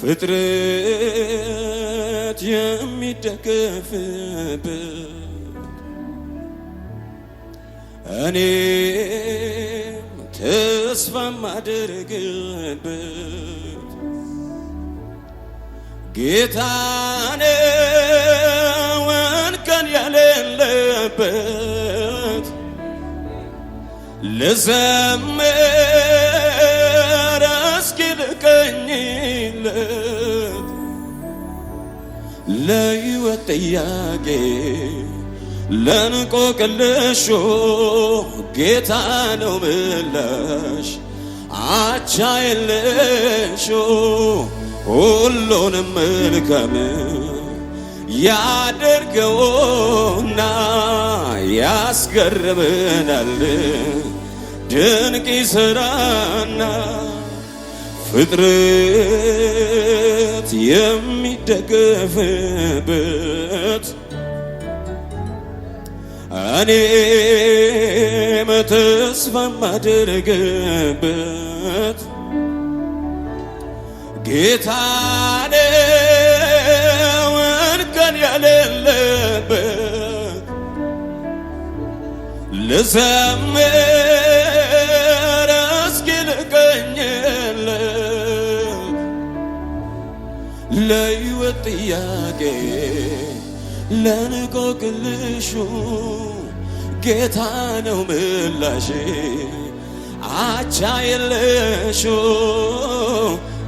ፍጥረት የሚደገፍበት እኔም ተስፋ ማደርግበት ጌታ ነው ወንከን ያሌለበት ልዘምር ለሕይወት ጥያቄ ለንቆቅልሾ ጌታ ነው ምላሽ አቻ የለሾ ሁሉንም መልካም ያደርገውና ያስገርመናል ድንቅ ስራና ፍጥር እምነት የሚደገፍበት እኔም ተስፋ የማደርግበት ጌታ ነው እንከን ልዘምር ለሕይወት ጥያቄ ለንቆ ጌታ ነው ምላሽ አቻ የለሹ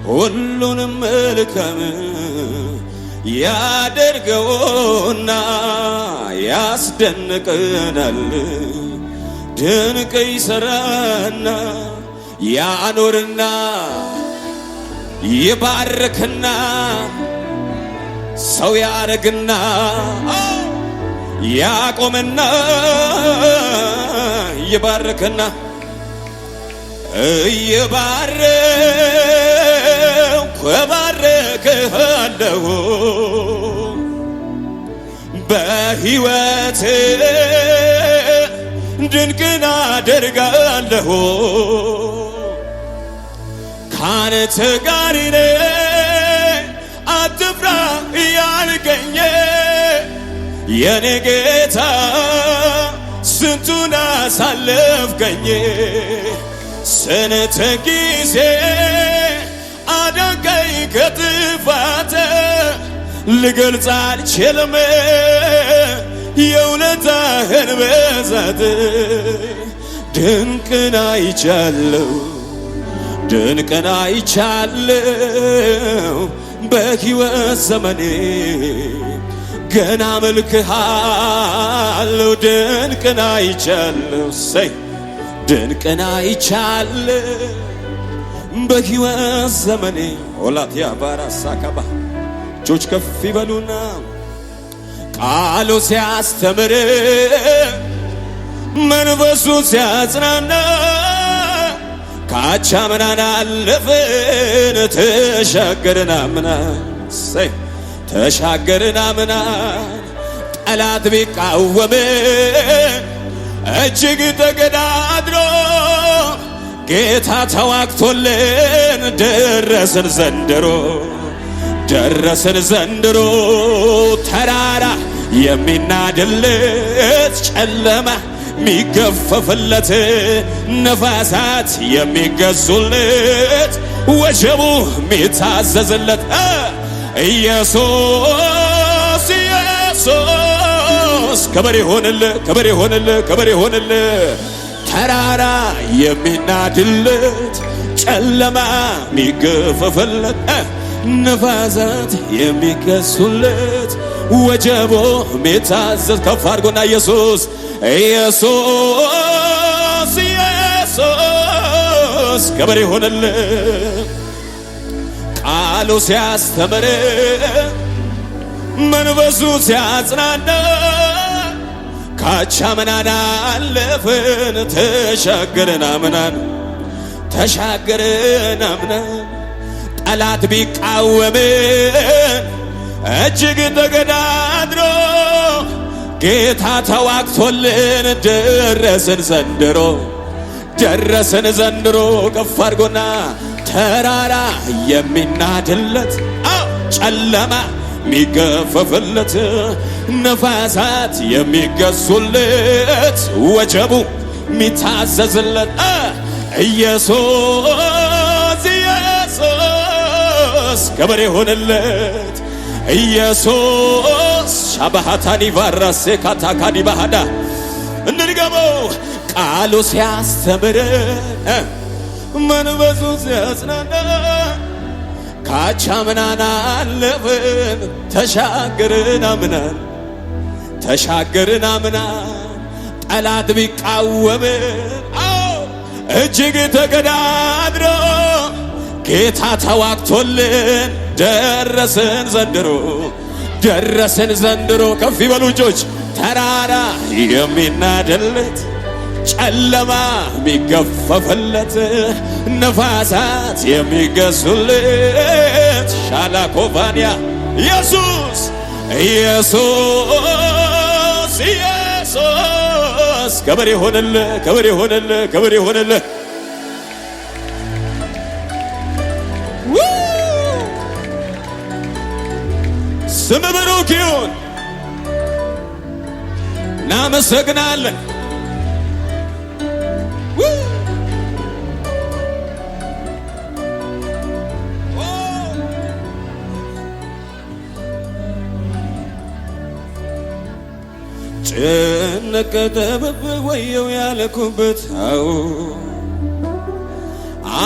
ሁሉንም መልካም ያደርገውና ያስደንቀናል። ድንቅ ይሠራና ያኖርና ይባርክና ሰው ያረግና ያቆምና ይባርክና እየባረኩ እባርክሃለሁ በሕይወት ድንቅን አደርጋለሁ ካነ ተጋሪነ አትፍራ እያልከኝ የኔ ጌታ ስንቱን አሳለፍከኝ ስንት ጊዜ አዳንከኝ ከጥፋት ልገልጽ አልችልም የውለታህን ብዛት ድንቅን ድንቅን አይቻለው በሕይወት ዘመኔ ገና መልክሃለው ድንቅን አይቻለው ሰይ ድንቅን አይቻለው በሕይወት ዘመኔ ኦላትያ ባራሳ ካባ እጆች ከፍ ይበሉና ቃሉ ሲያስተምር መንፈሱ ሲያጽናና ካቻምናን አለፍን ተሻገርን አምናን ተሻገርን አምናን ጠላት ቢቃወም እጅግ ተገዳድሮ ጌታ ተዋግቶልን ደረስን ዘንድሮ ደረስን ዘንድሮ ተራራ የሚናድለት ጨለማ ሚገፈፍለት ነፋሳት የሚገዙለት ወጀቡ ሚታዘዝለት ኢየሱስ ኢየሱስ ከበሬ ሆንል ከበሬ ሆንል ከበሬ ሆንል ተራራ የሚናድለት ጨለማ የሚገፈፍለት ነፋሳት የሚገዙለት ወጀቦ የሚታዘዝ ከፍ አድርጎና ኢየሱስ ኢየሱስ ኢየሱስ ገበሬ ሆነል ቃሉ ሲያስተምር መንፈሱ ሲያጽናና ካቻ ምናና አለፍን ተሻገርን አምናን ተሻገርን አምናን ጠላት ቢቃወምን እጅግ ተገዳድሮ ጌታ ተዋግቶልን ደረስን ዘንድሮ ደረስን ዘንድሮ ከፍ አድርጎና ተራራ የሚናድለት ጨለማ የሚገፈፍለት ነፋሳት የሚገሱለት ወጀቡ የሚታዘዝለት ኢየሱስ ኢየሱስ ገበሬ ሆንለት ኢየሱስ ሻባሃታኒ ቫራሴ ካታካኒ ባህዳ እንድገመው ቃሉ ሲያስተምር መንፈሱ ሲያጽናና ካቻምናን አለፍን ተሻገርን አምናን ተሻገርን አምናን ጠላት ቢቃወምን እጅግ ተገዳድሮ ጌታ ተዋግቶልን ደረስን ዘንድሮ ደረስን ዘንድሮ ከፍ ይበሉ እጆች ተራራ የሚናድለት ጨለማ የሚገፈፍለት ነፋሳት የሚገሱለት ሻላኮቫንያ ኢየሱስ ኢየሱስ ኢየሱስ ክብር ይሁንልህ ክብር ይሁንልህ ክብር ይሁንልህ ስም ብሩክ ይሁን። እናመሰግናለን። ጭነቀጠበብ ወየው ያለኩበት አዎ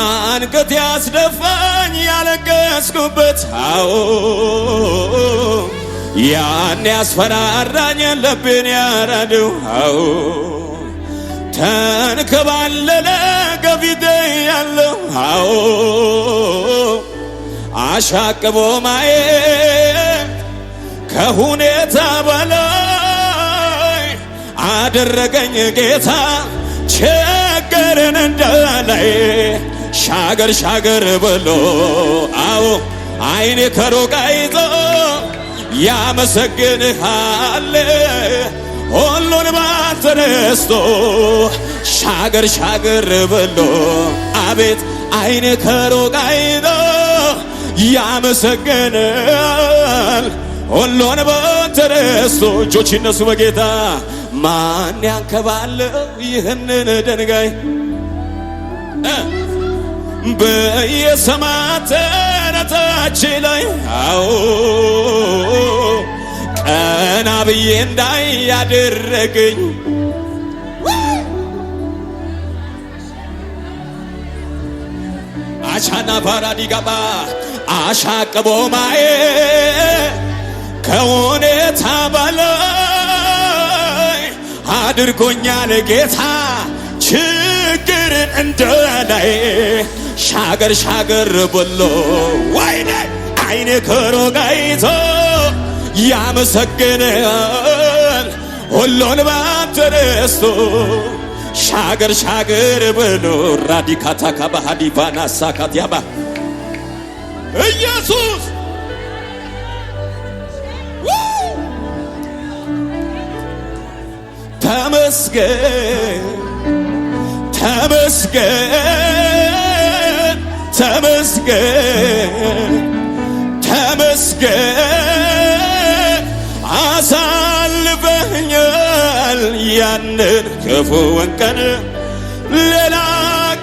አንገት ያስደፋኝ ያለቀስኩበት አዎ ያን ያስፈራራኝ ልቤን ያረደው አዎ ተንከባለለ ከፊቴ ያለው አዎ አሻቅቦ ማየት ከሁኔታ በላይ አደረገኝ ጌታ ችግርን እንዳላይ ሻገር ሻገር ብሎ አዎ አይኔ ከሩቅ አይቶ ያመሰግንሃል ሁሉን ባንተ ረስቶ ሻገር ሻገር ብሎ አቤት አይኔ ከሩቅ አይቶ ያመሰግንሃል ሁሉን ባንተ ረስቶ እጆች ይነሱ በጌታ ማን ያንከባለው ይህንን ድንጋይ በየሰማዕታታች ላይ አዎ ቀና ብዬ እንዳይ ያደረገኝ አሻና ባራዲ ጋባ አሻቅቦ ማዬ ከሁኔታ በላይ አድርጎኛል ጌታ ችግርን እንደላይ ሻገር ሻገር ብሎ ወይኔ አይኔ ከሩቅ አይቶ ያመሰግንሃል ሁሉን ባንተ ረስቶ ሻገር ሻገር ብሎ ራዲካታ ካባሃዲ ባናሳ ካትያባ ኢየሱስ ተመስገን ተመስገን ተመስገን ተመስገን አሳልፈኛል ያንን ክፉውን ቀን ሌላ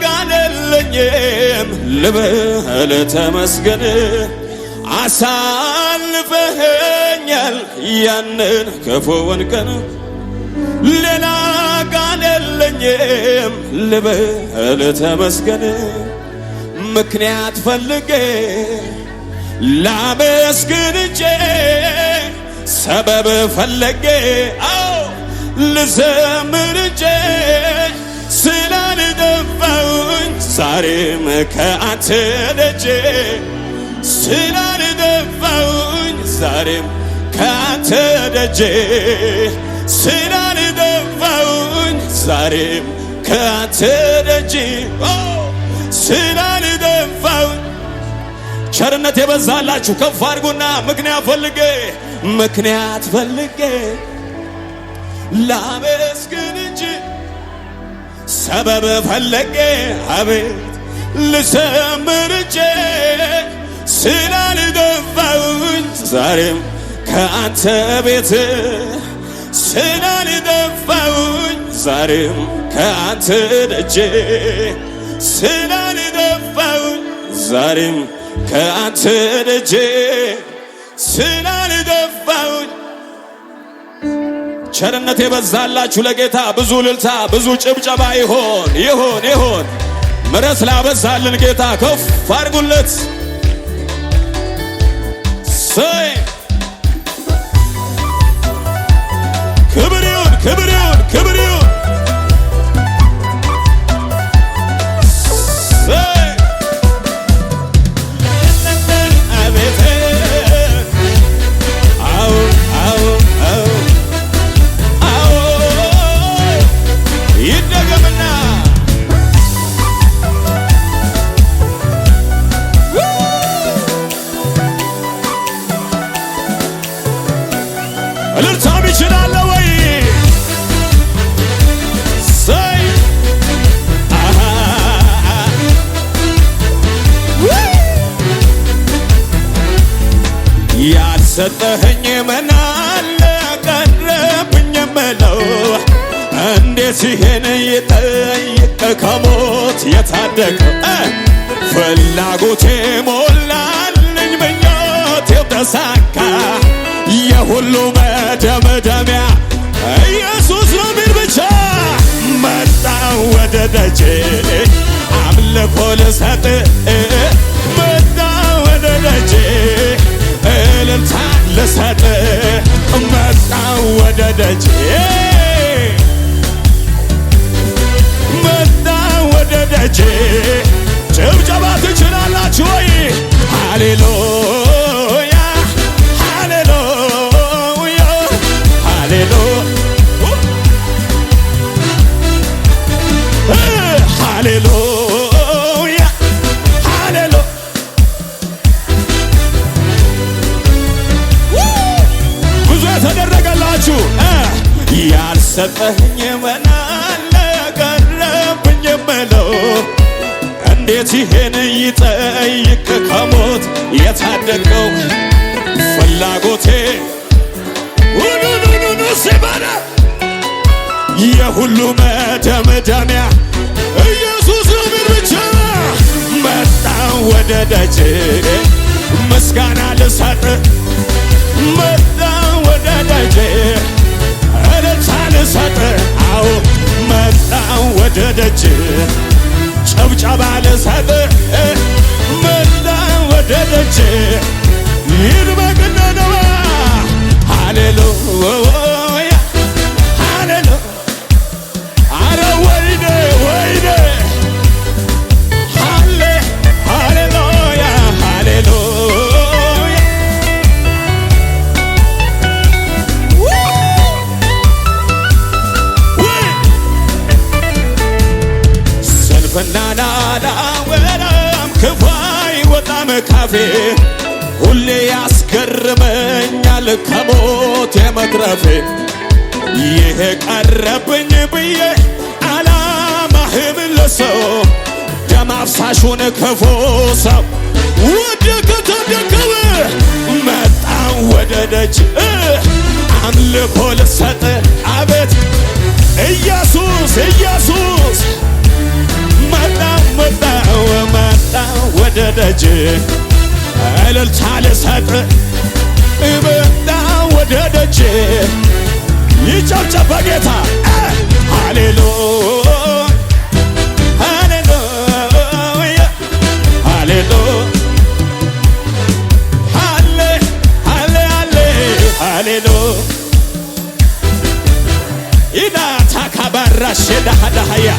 ጋደለኝም ልበል ተመስገን አሳልፈኛል ያንን ክፉውን ቀን ሌላ ጋደለኝም ልበል ተመስገን ምክንያት ፈልጌ ላመስግን እንጂ ሰበብ ፈለጌ አዎ ልዘምር ስላልደፋውኝ ዛሬም ከአንተ ደጄ ስላልደፋውኝ ዛሬም ከአንተ ደጄ ስላልደፋውኝ ዛሬም ከአንተ ደጄ የገፋው ቸርነት የበዛላችሁ ከፍ አድርጉና ምክንያት ፈልጌ ምክንያት ፈልጌ ላመስግን እንጂ ሰበብ ፈለጌ አቤት ልሰምር እንጂ ስላልገፋውኝ ዛሬም ከአንተ ቤት ስላልደፋውኝ ዛሬም ከአንተ ደጄ ስላ ዛሬም ከአንተ ደጄ ስላልገፋሁኝ ቸርነት የበዛላችሁ ለጌታ ብዙ ልልታ ብዙ ጭብጨባ ይሆን ይሆን ይሆን። ምረት ላበዛልን ጌታ ከፍ አድርጉለት። ክብር ይሁን ክብር ይሁን ክብር ይሁን የሁሉ መደምደሚያ ኢየሱስ በሚል ብቻ መጣ ወደ ደጄ አምልኮ ልሰጥ መጣ ወደ ደጄ እልልታ ልሰጥ መጣ ወደ ደጄ መጣ ወደ ደጄ ጭብጨባ ትችላላችሁ ወይ ሃሌሉያ ሰጠኝ መናለ ቀረብኝ የምለው እንዴት ይሄን ይጠይቅ ከሞት የታደገው ፍላጎቴ ውሉሉሉሉ ሲበለ የሁሉ መደምደሚያ ኢየሱስ ምን ብቻ መጣው ወደ ደጅ ምስጋና ልሰጥ መጣው ወደ ደጅ ሳልሰጥ አዎ መጣው ወደ ደጅ ጨብጨባ ልሰጥ መጣው ወደ ደጅ ሃሌሉያ ቀረብኝ ብዬ አላማህም ለሰው ደም አፍሳሹን ክፉ ሰው ወደ ከተደከበ መጣም ወደ ደጅ አምልኮ ልሰጥ አቤት ኢየሱስ ኢየሱስ መጣ መጣ መጣ ወደ ደጅ እልልታ ልሰጥ መጣ ወደ ደጅ ይጨብጨብ በጌታ ሃሌሉ ሃሌሉያ ሃሌሉ ሸዳሃዳሃያ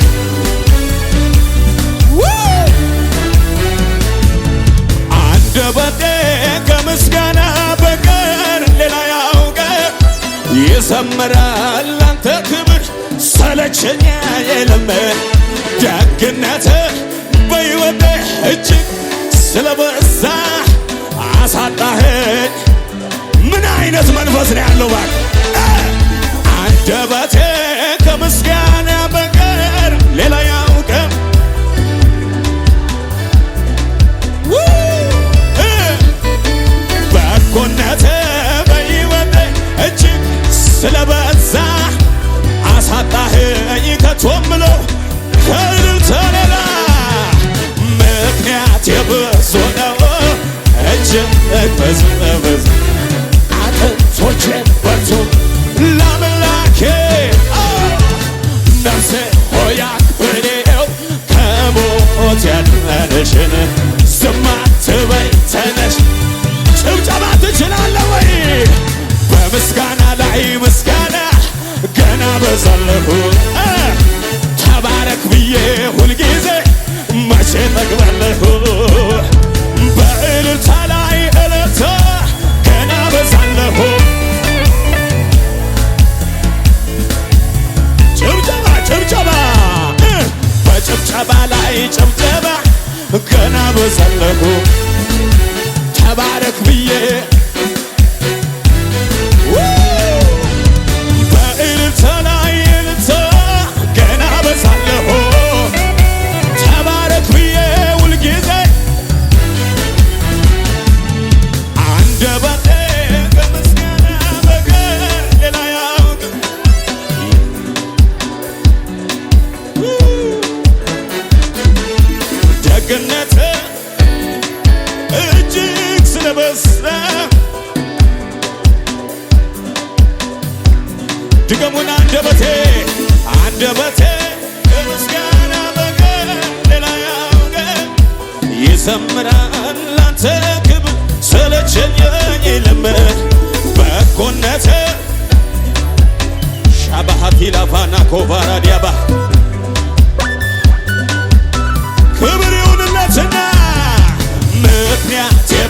ይዘምራል አንተ ክብር ሰለቸኛ የለም ደግነት በይወደ እጅግ ስለበዛ አሳጣህ ምን አይነት መንፈስ ነው ያለው ባል አንደበቴ ከምስጋና ስለበዛ አሳጣኸኝ ከቶም ብሎ ከእልልታ ሌላ ምክንያት የብዙ ነው እጅግ ብዙ ብዙ በርቱ ለአምላኬ ነፍሴ ሆይ አክብሬው ከሞት ያዳነሽን ዝም አትበይ ተነሽ አበዛለሁ ተባረክ ብዬ ሁልጊዜ መቼ ጠግባለሁ በእልልታ ላይ እልልታ ገና አበዛለሁ ጭብጨባ ጭብጨባ በጭብጨባ ላይ ጭብጨባ ገና አበዛለሁ ተባረክ ብዬ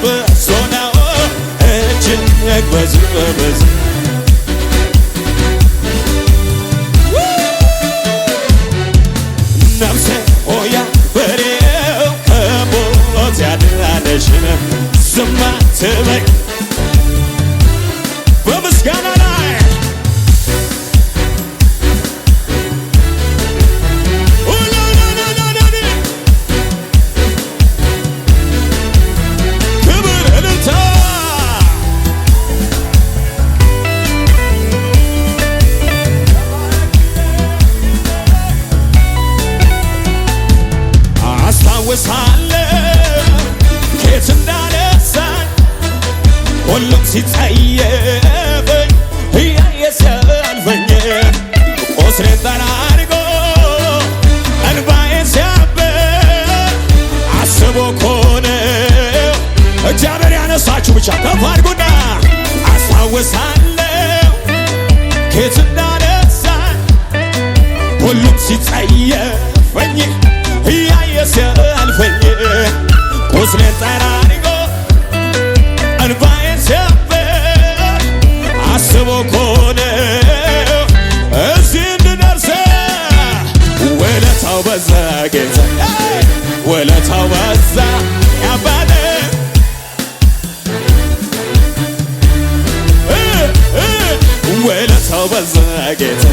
በሶናኦ ትበይ አስታውሳለሁ ከየት እንዳነሳኝ ሁሉም ሲጸየፈኝ እያየ ሲያልፈኝ ቁስሌን ጠራርጎ እንባዬ አስቦ ከሆነው እግዚአብሔር ያነሳችሁ ብቻ ከፍ አድርጉና አስታውሳለሁ ውለታው በዛ ጌታ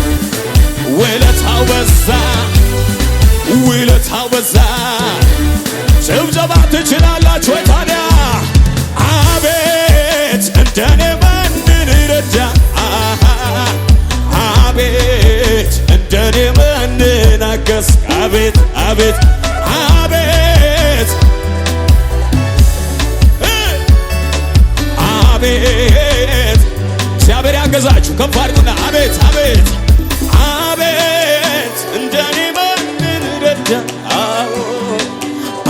ውለታው በዛ ውለታው በዛ ጭብጨባ ትችላላችሁ ወይ ታዲያ አቤት እንደኔ ማንን ረዳ አቤት እንደኔ ማንን አገዝ አቤት አቤት ከፍ አድርጉና አቤት አቤት አቤት እንደኔ ማንን ረዳ?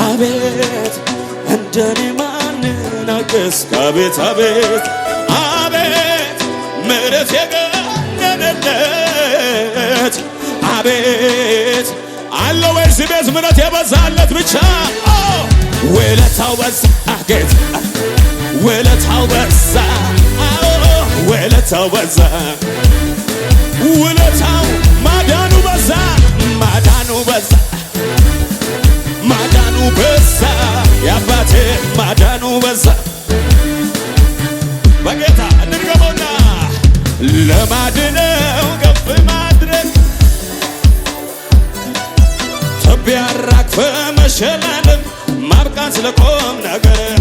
አቤት እንደኔ ማንን አገስ? አቤት አቤት አቤት ምረት የገነነለት አቤት አለ ወይስ ቤት ምረት የበዛለት ብቻ ውለታው በዛ ጌታ ውለታው በዛ ውለታው በዛ ውለታው ማዳኑ በዛ ማዳኑ በዛ ማዳኑ በዛ የአባቴ ማዳኑ በዛ በጌታ እንድገቦና ለማድነው ከፍ ማድረግ ትቢያ ራክፈ መሸላለም ማብቃት ስለቆም ነገር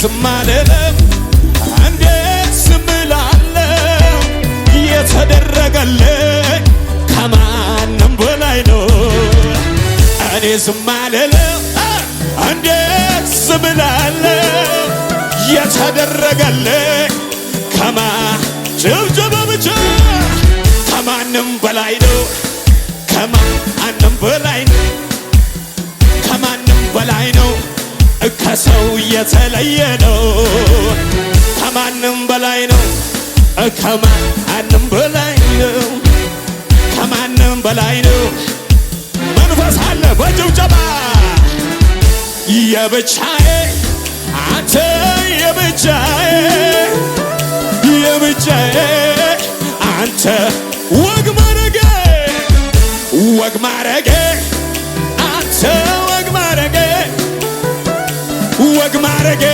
ዝም አልልም እንዴት ዝም እላለሁ? የተደረገልኝ ከማንም በላይ ነው። እኔ ዝም አልልም እንዴት ዝም እላለሁ? የተደረገልኝ ከማ ጭብጨባ ብቻ ከማንም በላይ ነው። ከማንም በላይ ነው። ከማንም በላይ ነው። ከሰው የተለየ ነው። ከማንም በላይ ነው። ከማንም በላይ ነው። ከማንም በላይ ነው። መንፈስ አለ በጭብጨባ የብቻዬ አንተ የብቻዬ የብቻዬ አንተ ወግ ማረጌ ወግ ማረጌ ማረጌ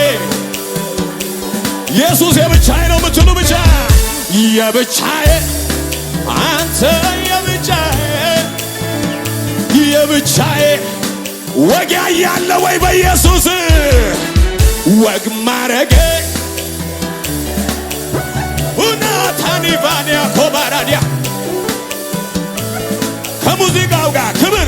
ኢየሱስ የብቻዬ ነው የምትሉ ብቻ የብቻዬ አንተ የብቻዬ የብቻዬ ወግ ያለ ወይ በኢየሱስ ወግ ማረጌ ኡናታኒቫንያ ኮባራዲያ ከሙዚቃው ጋር ክብር